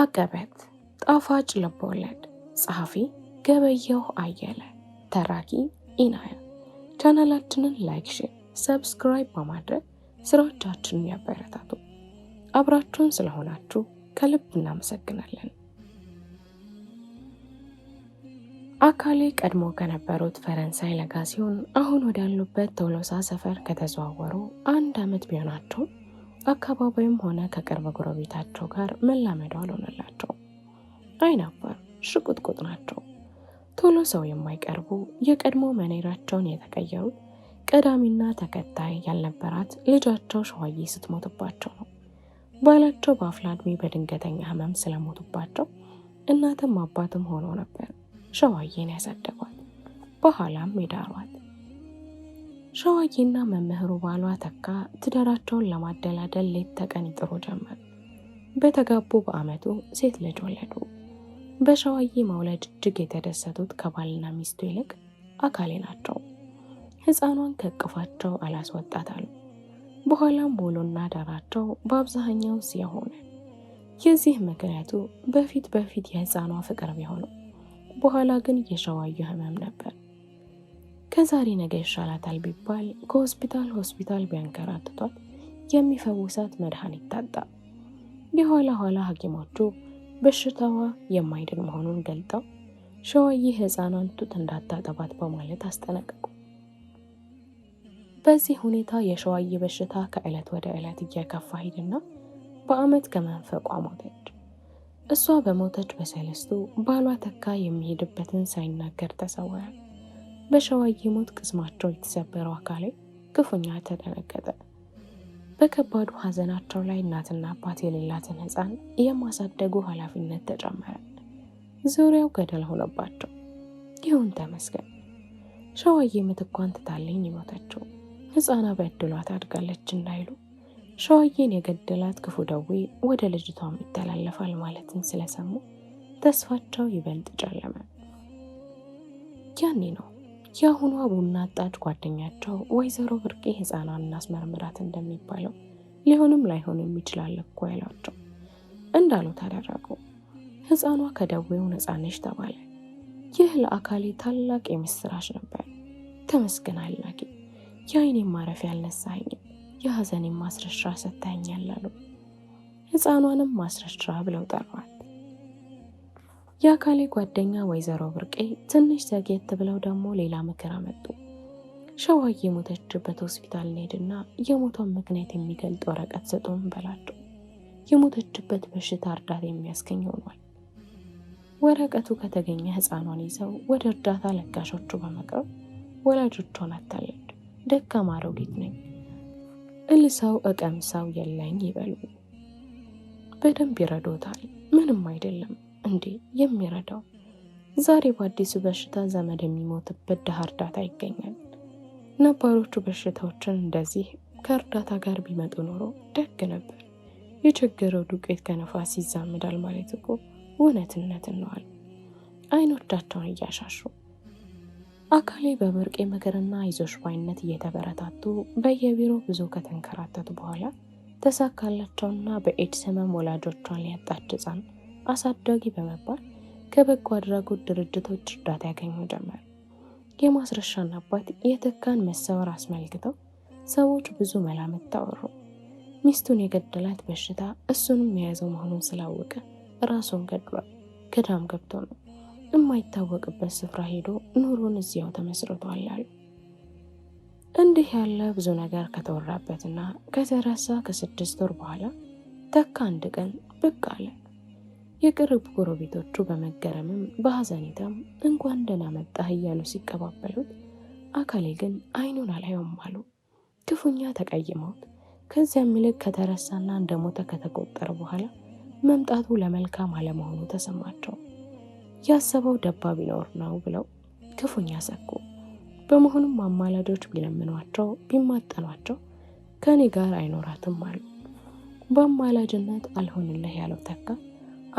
አቀበት ጣፋጭ ልቦለድ ጸሐፊ ገበየሁ አየለ ተራኪ ኢናያ። ቻናላችንን ላይክ፣ ሼር፣ ሰብስክራይብ በማድረግ ስራዎቻችንን ያበረታቱ። አብራችሁን ስለሆናችሁ ከልብ እናመሰግናለን። አካሌ ቀድሞ ከነበሩት ፈረንሳይ ለጋ ሲሆን አሁን ወዳሉበት ተውሎሳ ሰፈር ከተዘዋወሩ አንድ አመት ቢሆናቸውም አካባቢውም ሆነ ከቅርብ ጎረቤታቸው ጋር መላመዱ አልሆነላቸው። አይናፋር ሽቁጥቁጥ ናቸው። ቶሎ ሰው የማይቀርቡ የቀድሞ መኔራቸውን የተቀየሩት ቀዳሚና ተከታይ ያልነበራት ልጃቸው ሸዋዬ ስትሞትባቸው ነው። ባላቸው በአፍላ እድሜ በድንገተኛ ህመም ስለሞቱባቸው እናትም አባትም ሆኖ ነበር ሸዋዬን ያሳደጓት በኋላም የዳሯት። ሸዋዬና መምህሩ ባሏ ተካ ትዳራቸውን ለማደላደል ሌት ተቀን ይጥሩ ጀመር። በተጋቡ በዓመቱ ሴት ልጅ ወለዱ። በሸዋዬ መውለድ እጅግ የተደሰቱት ከባልና ሚስቱ ይልቅ አካሌ ናቸው። ሕፃኗን ከእቅፋቸው አላስወጣታሉ። በኋላም ውሎና ዳራቸው በአብዛኛው ሲሆነ የዚህ ምክንያቱ በፊት በፊት የሕፃኗ ፍቅር ቢሆነው፣ በኋላ ግን የሸዋዬ ህመም ነበር። ከዛሬ ነገ ይሻላታል ቢባል ከሆስፒታል ሆስፒታል ቢያንከራትቷት የሚፈውሳት መድኃኒት ታጣ። የኋላ ኋላ ሐኪሞቹ በሽታዋ የማይድን መሆኑን ገልጠው ሸዋዬ ህፃኗን ጡት እንዳታጠባት በማለት አስጠነቀቁ። በዚህ ሁኔታ የሸዋዬ በሽታ ከዕለት ወደ ዕለት እየከፋ ሂድና በአመት ከመንፈቋ ሞተች። እሷ በሞተች በሰለስቱ ባሏ ተካ የሚሄድበትን ሳይናገር ተሰወረ። በሸዋዬ ሞት ቅስማቸው የተሰበረው አካሌ ክፉኛ ተደነገጠ። በከባዱ ሀዘናቸው ላይ እናትና አባት የሌላትን ህፃን የማሳደጉ ኃላፊነት ተጨመረ። ዙሪያው ገደል ሆነባቸው። ይሁን ተመስገን። ሸዋዬ ምትኳን ትታለኝ የሞተችው ህፃና በእድሏት አድጋለች እንዳይሉ ሸዋዬን የገደላት ክፉ ደዌ ወደ ልጅቷም ይተላለፋል ማለትን ስለሰሙ ተስፋቸው ይበልጥ ጨለመ። ያኔ ነው የአሁኗ ቡና አጣጭ ጓደኛቸው ወይዘሮ ብርቄ ሕፃኗን እናስመርምራት እንደሚባለው ሊሆንም ላይሆንም ይችላል እኮ ያሏቸው እንዳሉት አደረጉ። ህፃኗ ከደዌው ነፃነሽ ተባለ። ይህ ለአካሌ ታላቅ የምስራች ነበር። ተመስገን አላቂ፣ የአይኔ ማረፊያ አልነሳኝም፣ የሀዘኔ ማስረሻ ሰጥተኸኛል አሉ። ህፃኗንም ማስረሻ ብለው ጠሯል። የአካሌ ጓደኛ ወይዘሮ ብርቄ ትንሽ ዘግየት ብለው ደግሞ ሌላ ምክር አመጡ። ሸዋዬ የሞተችበት ሆስፒታል እንሄድና የሞቷን ምክንያት የሚገልጥ ወረቀት ስጡን በላቸው። የሞተችበት በሽታ እርዳታ የሚያስገኝ ሆኗል። ወረቀቱ ከተገኘ ህፃኗን ይዘው ወደ እርዳታ ለጋሾቹ በመቅረብ ወላጆቿን አታለች። ደካማ አሮጊት ነኝ፣ እልሰው እቀምሰው የለኝ ይበሉ። በደንብ ይረዶታል፣ ምንም አይደለም እንዴ የሚረዳው ዛሬ በአዲሱ በሽታ ዘመድ የሚሞትበት ድሃ እርዳታ ይገኛል። ነባሮቹ በሽታዎችን እንደዚህ ከእርዳታ ጋር ቢመጡ ኖሮ ደግ ነበር። የቸገረው ዱቄት ከነፋስ ይዛመዳል ማለት እኮ እውነትነት ነዋል። አይኖቻቸውን እያሻሹ አካሌ በብርቄ ምክርና አይዞሽ ባይነት እየተበረታቱ በየቢሮ ብዙ ከተንከራተቱ በኋላ ተሳካላቸውና በኤድስ ህመም ወላጆቿን ሊያጣት አሳዳጊ በመባል ከበጎ አድራጎት ድርጅቶች እርዳታ ያገኙ ጀመር። የማስረሻን አባት የተካን መሰወር አስመልክተው ሰዎች ብዙ መላምት ታወሩ። ሚስቱን የገደላት በሽታ እሱንም የያዘው መሆኑን ስላወቀ ራሱን ገድሏል። ገዳም ገብቶ ነው። የማይታወቅበት ስፍራ ሄዶ ኑሮን እዚያው ተመስርቷል አሉ። እንዲህ ያለ ብዙ ነገር ከተወራበትና ከተረሳ ከስድስት ወር በኋላ ተካ አንድ ቀን ብቅ አለ። የቅርብ ጎረቤቶቹ በመገረምም በሐዘኔታም እንኳን ደህና መጣህ እያሉ ሲቀባበሉት፣ አካሌ ግን አይኑን አላየውም አሉ። ክፉኛ ተቀይመውት ከዚያም ይልቅ ከተረሳና እንደሞተ ከተቆጠረ በኋላ መምጣቱ ለመልካም አለመሆኑ ተሰማቸው። ያሰበው ደባ ቢኖር ነው ብለው ክፉኛ ሰኩ። በመሆኑም አማላጆች ቢለምኗቸው ቢማጠኗቸው ከእኔ ጋር አይኖራትም አሉ። በአማላጅነት አልሆንልህ ያለው ተካ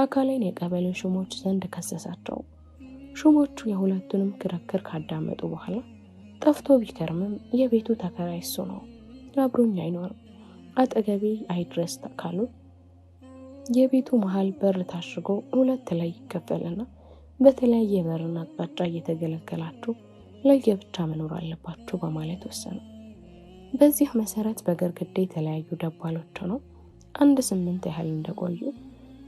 አካላይን የቀበሌ ሹሞች ዘንድ ከሰሳቸው። ሹሞቹ የሁለቱንም ክርክር ካዳመጡ በኋላ ጠፍቶ ቢከርምም የቤቱ ተከራይ እሱ ነው፣ አብሮኝ አይኖርም፣ አጠገቤ አይድረስ ካሉ የቤቱ መሀል በር ታሽጎ ሁለት ላይ ይከፈልና በተለያየ በርን አቅጣጫ እየተገለገላችሁ ለየብቻ መኖር አለባችሁ በማለት ወሰኑ። በዚህ መሰረት በግርግዴ የተለያዩ ደባሎች ሆነው አንድ ስምንት ያህል እንደቆዩ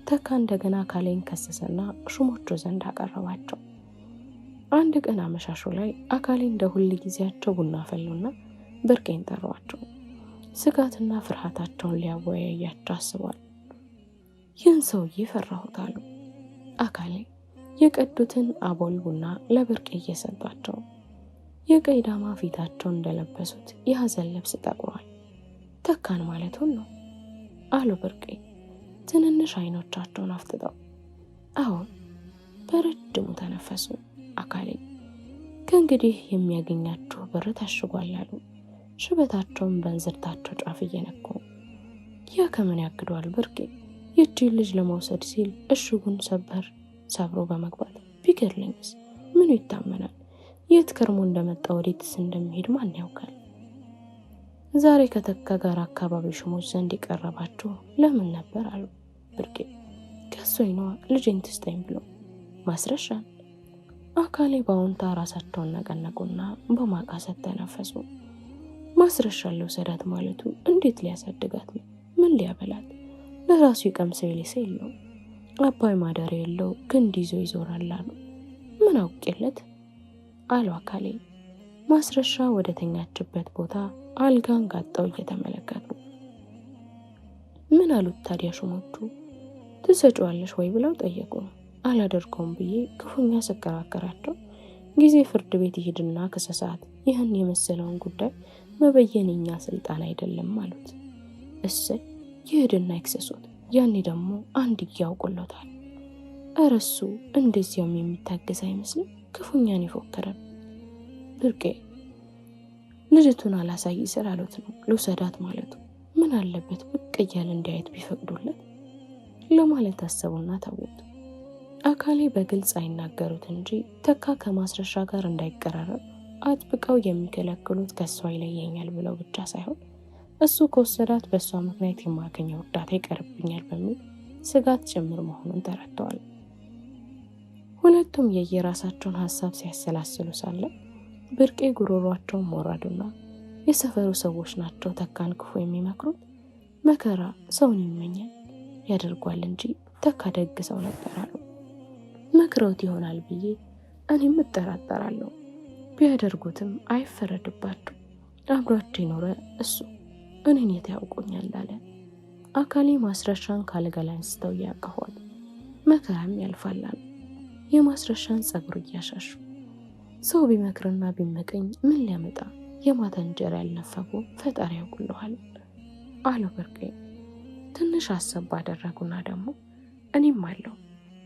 ተካ እንደገና አካሌን ከሰሰና ሹሞቹ ዘንድ አቀረባቸው። አንድ ቀን አመሻሹ ላይ አካሌ እንደ ሁል ጊዜያቸው ቡና ፈሉና ብርቄን ጠሯቸው። ስጋትና ፍርሃታቸውን ሊያወያያቸው አስቧል። ይህን ሰውዬ ፈራሁት አሉ። አካሌ የቀዱትን አቦል ቡና ለብርቄ እየሰጣቸው የቀይ ዳማ ፊታቸውን እንደለበሱት የሀዘን ልብስ ጠቁሯል። ተካን ማለቱን ነው አሉ ብርቄ ትንንሽ አይኖቻቸውን አፍጥጠው አሁን በረጅሙ ተነፈሱ። አካሌ ከእንግዲህ የሚያገኛችሁ ብር ታሽጓል አሉ። ሽበታቸውን በእንዝርታቸው ጫፍ እየነኩ ያ ከምን ያግደዋል? ብርቄ ይቺን ልጅ ለመውሰድ ሲል እሽጉን ሰበር ሰብሮ በመግባት ቢገድለኝስ ምኑ ይታመናል? የት ከርሞ እንደመጣ ወዴትስ እንደሚሄድ ማን ያውቃል? ዛሬ ከተካ ጋር አካባቢ ሽሞች ዘንድ የቀረባችሁ ለምን ነበር አሉ። ብርቄ ከሶኝ ይነዋ ልጄን ትስጠኝ ብሎ ማስረሻ አካሌ በአሁንታ ራሳቸውን ነቀነቁና በማቃሰት ተነፈሱ። ማስረሻ ለውሰዳት ማለቱ እንዴት ሊያሳድጋት ነው? ምን ሊያበላት? ለራሱ የቀምሰው ሊሰ የለው አባይ ማደር የለው ግንድ ይዞ ይዞራል አሉ። ምን አውቅለት አሉ አካሌ ማስረሻ ወደ ተኛችበት ቦታ አልጋን ጋጣው እየተመለከቱ ምን አሉት ታዲያ ሹሞቹ? ትሰጪዋለሽ ወይ ብለው ጠየቁ። አላደርገውም ብዬ ክፉኛ ስከራከራቸው ጊዜ ፍርድ ቤት ይሄድና ክሰሳት ይህን የመሰለውን ጉዳይ መበየን የኛ ስልጣን አይደለም አሉት። እሰይ ይሄድና ይክሰሱት፣ ያኔ ደግሞ አንድ ያውቁሎታል። እረሱ እንደዚያውም የሚታገዝ አይመስልም። ክፉኛን ይፎከረን ድርቄ ልጅቱን አላሳይ ስላሉት ነው ልውሰዳት ማለቱ። ምን አለበት ብቅ እያል እንዲያየት ቢፈቅዱለት ለማለት አሰቡና ታወቱ። አካሌ በግልጽ አይናገሩት እንጂ ተካ ከማስረሻ ጋር እንዳይቀራረብ አጥብቀው የሚከለክሉት ከእሷ ይለየኛል ብለው ብቻ ሳይሆን እሱ ከወሰዳት በእሷ ምክንያት የማገኘው እርዳታ ይቀርብኛል በሚል ስጋት ጭምር መሆኑን ተረድተዋል። ሁለቱም የየራሳቸውን ሀሳብ ሲያሰላስሉ ሳለን ብርቄ ጉሮሯቸውን ሞራዱና የሰፈሩ ሰዎች ናቸው ተካን ክፉ የሚመክሩት። መከራ ሰውን ይመኛል ያደርጓል እንጂ ተካ ደግ ሰው ነበር አሉ። መክረውት ይሆናል ብዬ እኔም እጠራጠራለሁ። ቢያደርጉትም አይፈረድባቸው። አብሯቸው የኖረ እሱ እኔን የት ያውቁኛል አለ። አካሌ ማስረሻን ካለጋ ላይ አንስተው ያቀፏል። መከራም ያልፋላል። የማስረሻን ጸጉር እያሻሹ ሰው ቢመክርና ቢመቀኝ ምን ሊያመጣ የማታ እንጀራ ያልነፈጉ ፈጣሪ ያውቁልሃል አለው በርቄ። ትንሽ አሰብ ባደረጉና ደግሞ እኔም አለው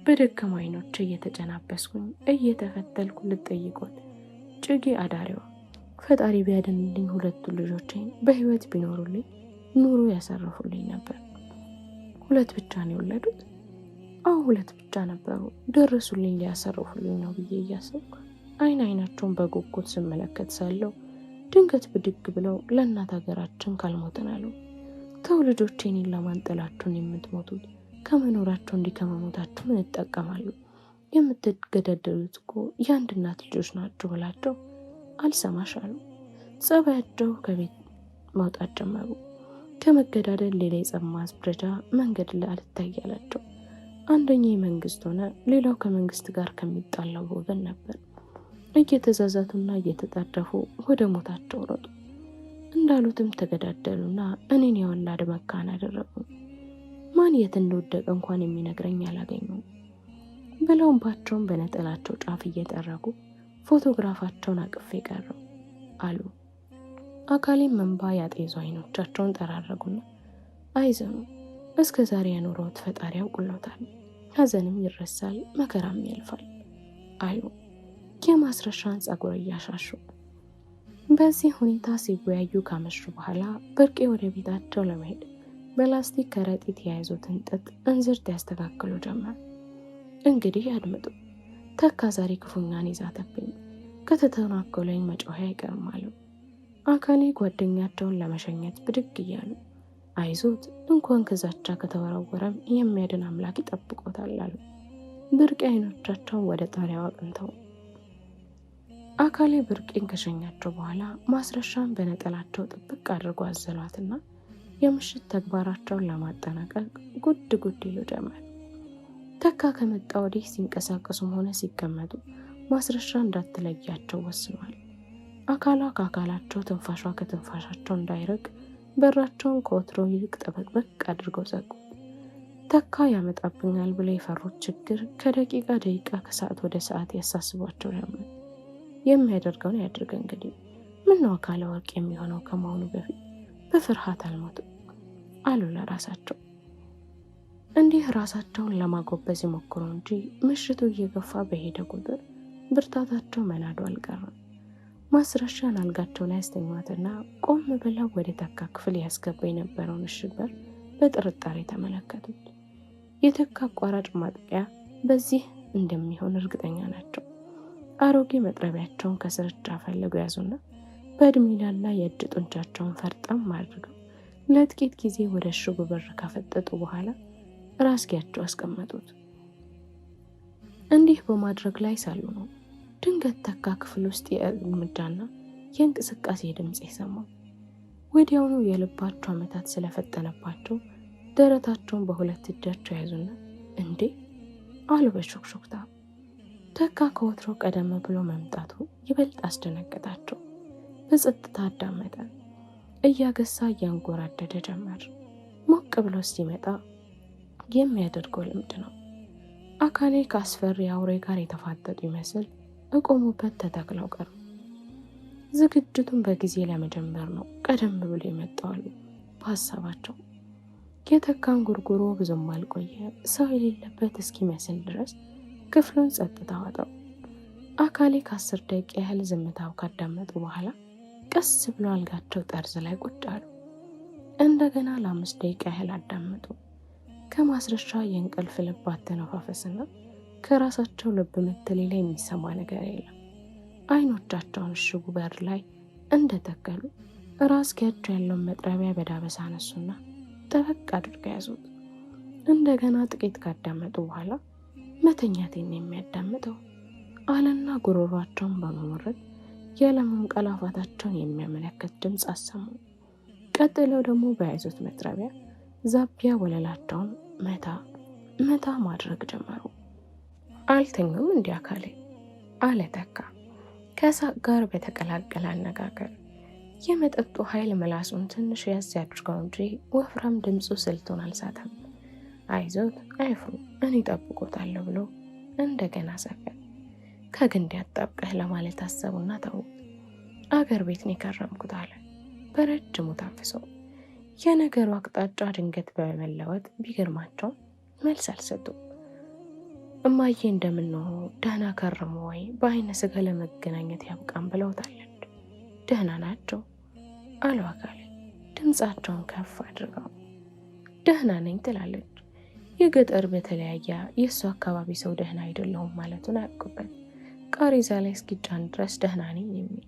በደከሙ አይኖች እየተጨናበስኩኝ እየተፈተልኩ ልጠይቆት ጭጌ አዳሪዋ ፈጣሪ ቢያደንልኝ ሁለቱ ልጆቼን በህይወት ቢኖሩልኝ ኑሮ ያሰርፉልኝ ነበር። ሁለት ብቻ ነው የወለዱት? አሁ ሁለት ብቻ ነበሩ። ደረሱልኝ ሊያሰርፉልኝ ነው ብዬ እያሰብኩ አይን አይናቸውን በጉጉት ስመለከት ሳለው ድንገት ብድግ ብለው ለእናት ሀገራችን ካልሞትን አሉ። ተው ልጆቼ፣ እኔን ለማን ጥላችሁን የምትሞቱት? ከመኖራቸው እንዲህ ከመሞታችሁ ምን ይጠቀማሉ? የምትገዳደሉት እኮ የአንድ እናት ልጆች ናችሁ ብላቸው አልሰማሽ አሉ። ጸባያቸው ከቤት ማውጣት ጀመሩ። ከመገዳደል ሌላ የጸብ ማስብረጃ መንገድ ላይ አልታያላቸው። አንደኛ የመንግስት ሆነ፣ ሌላው ከመንግስት ጋር ከሚጣላው ወገን ነበር። እየተዛዛቱና እየተጣደፉ ወደ ሞታቸው ሮጡ። እንዳሉትም ተገዳደሉና እኔን የወላድ መካን አደረጉ። ማን የት እንደወደቀ እንኳን የሚነግረኝ አላገኙም። በለምባቸውን በነጠላቸው ጫፍ እየጠረጉ ፎቶግራፋቸውን አቅፌ ቀረው አሉ። አካሌም መንባ ያጤዙ አይኖቻቸውን ጠራረጉና አይዘኑ፣ እስከ ዛሬ ያኖረውት ፈጣሪ ያውቁሎታል፣ ሀዘንም ይረሳል፣ መከራም ያልፋል አሉ። የማስረሻን ጸጉር እያሻሹ በዚህ ሁኔታ ሲወያዩ ካመሹ በኋላ ብርቄ ወደ ቤታቸው ለመሄድ በላስቲክ ከረጢት የያዙትን ጥጥ እንዝርት ያስተካክሉ ጀመር። እንግዲህ አድምጡ፣ ተካ ዛሬ ክፉኛን ይዛተብኝ ከተተናከለኝ መጮኸ አይቀርም አሉ። አካሌ ጓደኛቸውን ለመሸኘት ብድግ እያሉ አይዞት እንኳን ከዛቻ ከተወረወረም የሚያድን አምላክ ይጠብቆታል አሉ። ብርቅ አይኖቻቸውን ወደ ጣሪያው አቅንተው አካሌ ብርቄን ከሸኛቸው በኋላ ማስረሻን በነጠላቸው ጥብቅ አድርጎ አዘሏትና የምሽት ተግባራቸውን ለማጠናቀቅ ጉድ ጉድ ይሉ ጀመር። ተካ ከመጣ ወዲህ ሲንቀሳቀሱም ሆነ ሲቀመጡ ማስረሻ እንዳትለያቸው ወስኗል። አካሏ ከአካላቸው ትንፋሿ ከትንፋሻቸው እንዳይረግ፣ በራቸውን ከወትሮ ይልቅ ጠበቅበቅ አድርገው ዘጉ። ተካ ያመጣብኛል ብለው የፈሩት ችግር ከደቂቃ ደቂቃ ከሰዓት ወደ ሰዓት ያሳስቧቸው ጀመር። የሚያደርገውን ያድርግ። እንግዲህ ነው አካለ ወርቅ የሚሆነው ከመሆኑ በፊት በፍርሃት አልሞትም አሉ ለራሳቸው። እንዲህ ራሳቸውን ለማጎበዝ ይሞክሩ እንጂ ምሽቱ እየገፋ በሄደ ቁጥር ብርታታቸው መናዶ አልቀረም። ማስረሻን አልጋቸውን ላይ ያስተኛትና ቆም ብለው ወደ ተካ ክፍል ያስገባ የነበረውን እሽግ በር በጥርጣሬ ተመለከቱት። የተካ አቋራጭ ማጥቂያ በዚህ እንደሚሆን እርግጠኛ ናቸው። አሮጌ መጥረቢያቸውን ከስርቻ ፈልጉ ያዙና በእድሜላና የእጅ ጡንቻቸውን ፈርጠም አድርገው ለጥቂት ጊዜ ወደ እሽጉ በር ካፈጠጡ በኋላ ራስጌያቸው አስቀመጡት። እንዲህ በማድረግ ላይ ሳሉ ነው ድንገት ተካ ክፍል ውስጥ የእርምጃና የእንቅስቃሴ ድምፅ የሰማው። ወዲያውኑ የልባቸው ዓመታት ስለፈጠነባቸው ደረታቸውን በሁለት እጃቸው ያዙና እንዴ አሉ በሹክሹክታ። ተካ ከወትሮ ቀደም ብሎ መምጣቱ ይበልጥ አስደነገጣቸው። በጸጥታ አዳመጠ። እያገሳ እያንጎራደደ ጀመር። ሞቅ ብሎ ሲመጣ የሚያደርገው ልምድ ነው። አካሌ ከአስፈሪ አውሬ ጋር የተፋጠጡ ይመስል እቆሙበት ተተክለው ቀሩ። ዝግጅቱን በጊዜ ለመጀመር ነው ቀደም ብሎ የመጣዋሉ በሀሳባቸው የተካን ጉርጉሮ ብዙም አልቆየ ሰው የሌለበት እስኪመስል ድረስ ክፍሉን ጸጥታ ዋጠው። አካሌ ከአስር ደቂቃ ያህል ዝምታው ካዳመጡ በኋላ ቀስ ብሎ አልጋቸው ጠርዝ ላይ ቁጭ አሉ። እንደገና ለአምስት ደቂቃ ያህል አዳመጡ። ከማስረሻ የእንቅልፍ ልብ አተነፋፈስና ከራሳቸው ልብ ምት ሌላ የሚሰማ ነገር የለም። አይኖቻቸውን እሽጉ በር ላይ እንደተከሉ ራስ ገጁ ያለውን መጥረቢያ በዳበሳ አነሱና ጠበቅ አድርገው ያዙት። እንደገና ጥቂት ካዳመጡ በኋላ መተኛቴን የሚያዳምጠው አለና ጉሮሯቸውን በመሞረት የለመውን ቀላፋታቸውን የሚያመለክት ድምፅ አሰሙ። ቀጥለው ደግሞ በያዙት መጥረቢያ ዛቢያ ወለላቸውን መታ መታ ማድረግ ጀመሩ። አልተኙም እንዲህ አካሌ አለ ተካ ከሳቅ ጋር በተቀላቀለ አነጋገር። የመጠጡ ኃይል ምላሱን ትንሽ ያዝ ያድርገው እንጂ ወፍራም ድምፁ ስልቱን አልሳተም። አይዞት አይፍሩ እኔ ጠብቆታለሁ ብሎ እንደገና ሰፈር ከግንድ ያጣብቀህ ለማለት አሰቡና ተው አገር ቤት ነው የከረምኩት አለ በረጅሙ ታፍሶ። የነገሩ አቅጣጫ ድንገት በመለወጥ ቢገርማቸው መልስ አልሰጡ። እማዬ እንደምንሆ ደህና ከረሙ ወይ በአይነ ስጋ ለመገናኘት ያብቃን ብለውታለች። ደህና ናቸው አሉ አካል ድምፃቸውን ከፍ አድርገው። ደህና ነኝ ትላለች የገጠር በተለያየ የእሱ አካባቢ ሰው ደህና አይደለሁም ማለቱን አያውቅበት ቃሬዛ ላይ እስኪጫን ድረስ ደህና ነኝ የሚል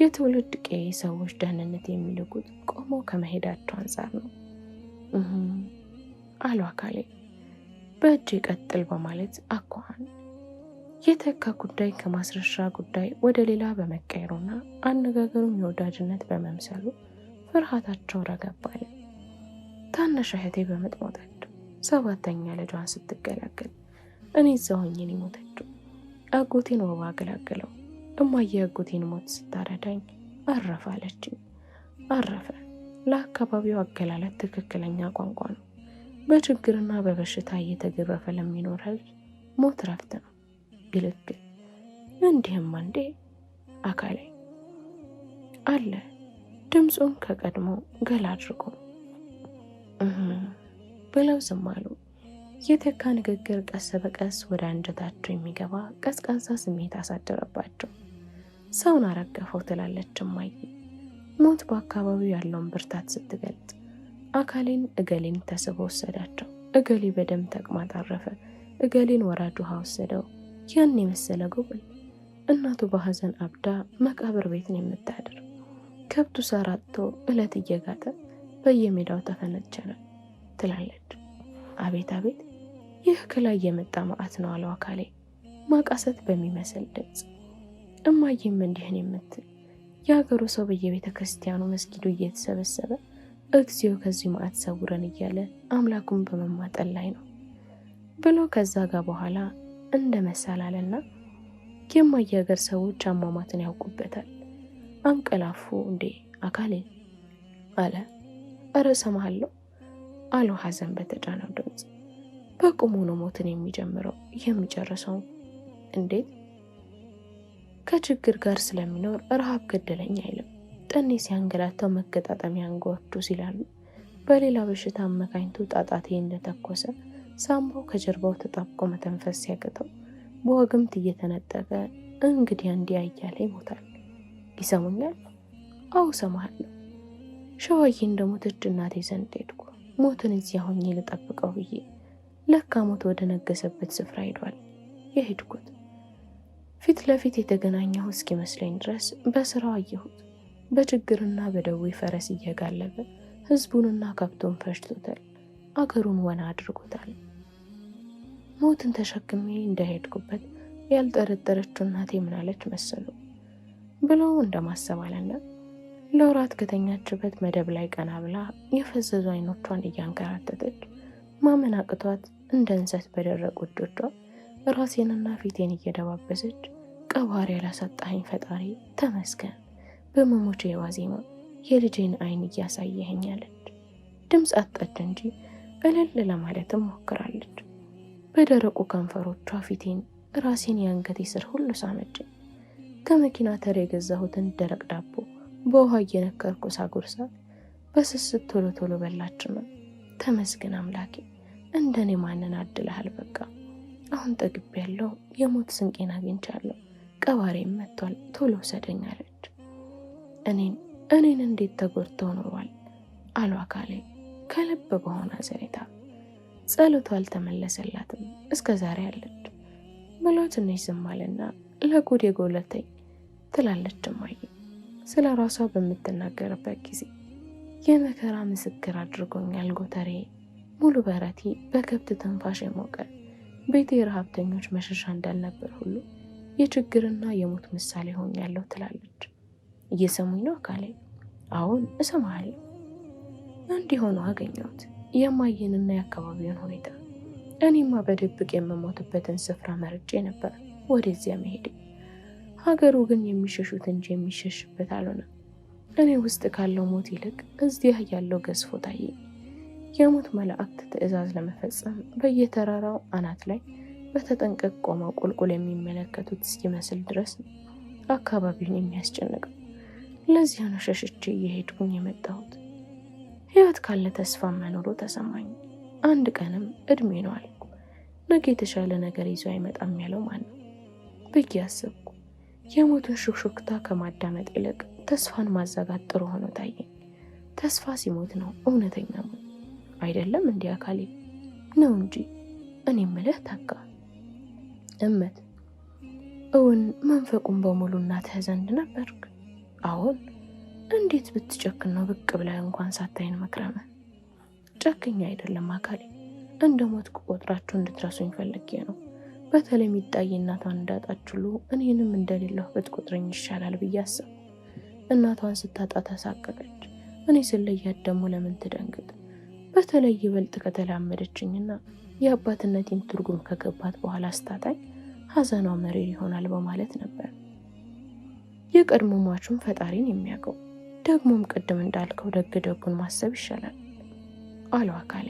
የትውልድ ቄ ሰዎች ደህንነት የሚልጉት ቆመው ከመሄዳቸው አንጻር ነው አሉ አካሌ በእጅ ቀጥል በማለት አኳኋን የተካ ጉዳይ ከማስረሻ ጉዳይ ወደ ሌላ በመቀየሩና አነጋገሩም የወዳጅነት በመምሰሉ ፍርሃታቸው ረገብ አለ። ታናሽ እህቴ በመጥሞታቸው ሰባተኛ ልጇን ስትገላገል እኔ እዛው የሞተችው። አጎቴን ወባ አገላገለው። እማዬ አጎቴን ሞት ስታረዳኝ አረፈ አለችኝ። አረፈ ለአካባቢው አገላለት ትክክለኛ ቋንቋ ነው። በችግርና በበሽታ እየተገረፈ ለሚኖር ህዝብ ሞት ረፍት ነው፣ ግልግል። እንዲህም አንዴ አካላይ አለ ድምፁን ከቀድሞ ገላ አድርጎ ብለው ዝም አሉ። የተካ ንግግር ቀስ በቀስ ወደ አንጀታቸው የሚገባ ቀዝቃዛ ስሜት አሳደረባቸው። ሰውን አረገፈው ትላለች እማዬ። ሞት በአካባቢው ያለውን ብርታት ስትገልጥ አካሌን እገሌን ተስቦ ወሰዳቸው። እገሌ በደም ተቅማጥ አረፈ። እገሌን ወራድ ውሃ ወሰደው። ያን የመሰለ ጉብል እናቱ በሐዘን አብዳ መቃብር ቤትን የምታድር ከብቱ ሰራጥቶ እለት እየጋጠ በየሜዳው ተፈነቸረ። ትላለች። አቤት አቤት ይህ ከላይ የመጣ መዓት ነው አለው አካሌ ማቃሰት በሚመስል ድምፅ። እማዬም እንዲህን የምትል የሀገሩ ሰው በየቤተ ክርስቲያኑ መስጊዱ እየተሰበሰበ እግዚኦ ከዚህ መዓት ሰውረን እያለ አምላኩን በመማጠል ላይ ነው ብሎ ከዛ ጋር በኋላ እንደ መሳላለና የማየ ሀገር ሰዎች አሟሟትን ያውቁበታል። አንቀላፉ እንዴ አካሌ አለ። እረ ሰማሃለሁ አሉ ሐዘን በተጫነው ድምፅ። በቁሙ ነው ሞትን የሚጀምረው የሚጨርሰው እንዴት ከችግር ጋር ስለሚኖር ረሃብ ገደለኝ አይልም። ጠኔ ሲያንገላታው መገጣጠሚያ አንጓቹ ሲላሉ በሌላ በሽታ አመካኝቱ ጣጣቴ እንደተኮሰ ሳምባው ከጀርባው ተጣብቆ መተንፈስ ሲያቅተው በወግምት እየተነጠቀ እንግዲህ እንዲያ እያለ ይሞታል። ይሰሙኛል? አዎ ሰማሃል ሸዋዬ እንደሞተች እናቴ ዘንድ ሄድኩ። ሞትን እዚያ ሆኜ ልጠብቀው ብዬ ለካ ሞት ወደ ነገሰበት ስፍራ ሄዷል የሄድኩት። ፊት ለፊት የተገናኘሁ እስኪመስለኝ ድረስ በስራው አየሁት። በችግርና በደዌ ፈረስ እየጋለበ ህዝቡንና ከብቱን ፈጅቶታል፣ አገሩን ወና አድርጎታል። ሞትን ተሸክሜ እንደሄድኩበት ያልጠረጠረችው እናቴ ምናለች መሰሉ ብሎ እንደማሰብ አለና ለውራት ከተኛችበት መደብ ላይ ቀና ብላ የፈዘዙ አይኖቿን እያንከራተተች ማመን አቅቷት እንደ እንሰት በደረቁ እጆቿ ራሴንና ፊቴን እየደባበሰች ቀባሪ ያላሳጣኝ ፈጣሪ ተመስገን፣ በመሞቼ ዋዜማ የልጄን አይን እያሳየኸኛለች። ድምፅ አጣች እንጂ እልል ለማለትም ሞክራለች። በደረቁ ከንፈሮቿ ፊቴን፣ ራሴን፣ የአንገቴ ስር ሁሉ ሳመችኝ። ከመኪና ተር የገዛሁትን ደረቅ ዳቦ በውሃ እየነከርኩ ሳጎርሳት በስስት ቶሎ ቶሎ በላችም። ተመስገን አምላኬ፣ እንደኔ ማንን አድልሃል። በቃ አሁን ጠግብ ያለው የሞት ስንቄን አግኝቻለሁ፣ ቀባሬም መጥቷል፣ ቶሎ ውሰደኝ አለች። እኔን እኔን እንዴት ተጎድተው ኖሯል አሉ አካሌ ከልብ በሆነ ዘሬታ ጸሎቱ አልተመለሰላትም እስከ ዛሬ አለች ብሎ ትንሽ ዝም አለና ለጉድ የጎለተኝ ትላለች እማዬ ስለ ራሷ በምትናገርበት ጊዜ የመከራ ምስክር አድርጎኛል ጎተሬ ሙሉ በረቲ በከብት ትንፋሽ የሞቀ ቤቴ ረሀብተኞች መሸሻ እንዳልነበር ሁሉ የችግርና የሞት ምሳሌ ሆኛለሁ ትላለች። እየሰሙኝ ነው አካሌ? አሁን እሰማሃለሁ። እንዲህ ሆኖ አገኘሁት የማየንና የአካባቢውን ሁኔታ። እኔማ በድብቅ የምሞትበትን ስፍራ መርጬ ነበር ወደዚያ መሄዴ ሀገሩ ግን የሚሸሹት እንጂ የሚሸሽበት አልሆነ። እኔ ውስጥ ካለው ሞት ይልቅ እዚያ ያለው ገዝፎ ታየኝ። የሞት መላእክት ትዕዛዝ ለመፈጸም በየተራራው አናት ላይ በተጠንቀቅ ቆመው ቁልቁል የሚመለከቱት እስኪመስል ድረስ አካባቢውን የሚያስጨንቀው። ለዚህ ነው ሸሽቼ እየሄድኩኝ የመጣሁት። ህይወት ካለ ተስፋ መኖሩ ተሰማኝ። አንድ ቀንም እድሜ ነው አልኩ። ነገ የተሻለ ነገር ይዞ አይመጣም ያለው ማን ነው ብዬ አሰብኩ። የሞተ ሹክሹክታ ከማዳመጥ ይልቅ ተስፋን ማዘጋት ጥሩ ሆኖ ታየኝ። ተስፋ ሲሞት ነው እውነተኛ ሞት አይደለም። እንዲህ አካሌ ነው እንጂ እኔ ምልህ ታካ እመት እውን መንፈቁን በሙሉ እናትህ ዘንድ ነበርክ። አሁን እንዴት ብትጨክን ነው ብቅ ብለህ እንኳን ሳታይን መክረመ? ጨክኛ አይደለም አካሌ እንደ ሞት ቆጥራችሁ እንድትረሱኝ ፈልጌ ነው። በተለይ የሚታይ እናቷን እንዳጣች ሁሉ እኔንም እንደሌለሁ ብትቆጥረኝ ይሻላል ብዬ አሰብኩ። እናቷን ስታጣ ተሳቀቀች። እኔ ስለያት ደግሞ ለምን ትደንግጥ? በተለይ ይበልጥ ከተላመደችኝና የአባትነቴን ትርጉም ከገባት በኋላ አስታጣኝ ሀዘኗ መሪር ይሆናል በማለት ነበር። የቀድሞ ሟቹም ፈጣሪን የሚያውቀው ደግሞም ቅድም እንዳልከው ደግ ደጉን ማሰብ ይሻላል አሉ አካሌ።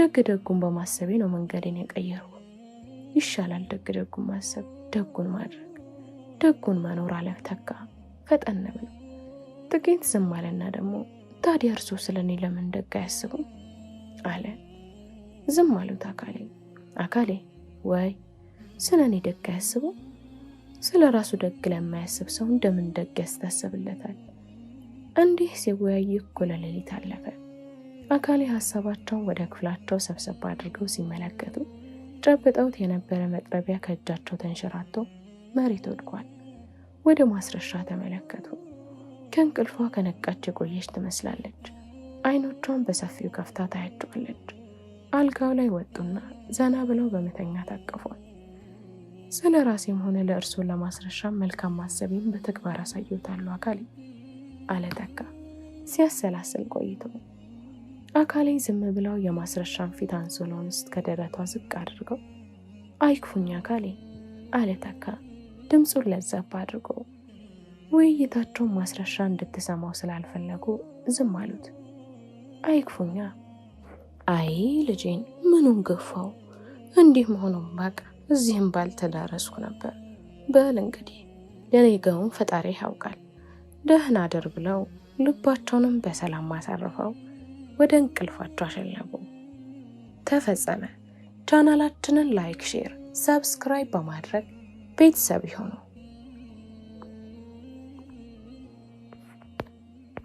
ደግ ደጉን በማሰቤ ነው መንገዴን የቀየረው። ይሻላል ደግ ደጉን ማሰብ፣ ደጉን ማድረግ፣ ደጉን መኖር አለ ተካ ፈጠን ብሎ ጥቂት ዝም አለና ደግሞ ታዲያ እርሶ ስለ እኔ ለምን ደግ አያስቡም አለ። ዝም አሉት አካሌ። አካሌ ወይ ስለ እኔ ደግ አያስቡም? ስለ ራሱ ደግ ለማያስብ ሰው እንደምን ደግ ያስታሰብለታል? እንዲህ ሲወያዩ እኩለ ሌሊት አለፈ። አካሌ ሀሳባቸውን ወደ ክፍላቸው ሰብሰብ አድርገው ሲመለከቱ ጨብጠውት የነበረ መጥረቢያ ከእጃቸው ተንሸራቶ መሬት ወድቋል። ወደ ማስረሻ ተመለከቱ። ከእንቅልፏ ከነቃች የቆየች ትመስላለች። አይኖቿን በሰፊው ከፍታ ታያቸዋለች። አልጋው ላይ ወጡና ዘና ብለው በመተኛ ታቀፏል። ስለ ራሴም ሆነ ለእርሶ ለማስረሻ መልካም ማሰቤን በተግባር አሳየታሉ አካል አለተካ ሲያሰላስል ቆይቶ አካሌን ዝም ብለው የማስረሻን ፊት ውስጥ ከደረቷ ዝቅ አድርገው አይክፉኝ አካሌ አለተካ ድምፁን ለዘብ አድርጎ ውይይታቸውን ማስረሻ እንድትሰማው ስላልፈለጉ ዝም አሉት። አይክፉኛ አይ ልጄን ምኑን ገፋው? እንዲህ መሆኑን ባቅ እዚህም ባልተዳረስኩ ነበር። በል እንግዲህ የነገውን ፈጣሪ ያውቃል። ደህና አደር ብለው ልባቸውንም በሰላም አሳርፈው ወደ እንቅልፋቸው አሸለቡ። ተፈጸመ። ቻናላችንን ላይክ፣ ሼር፣ ሰብስክራይብ በማድረግ ቤተሰብ ይሁኑ።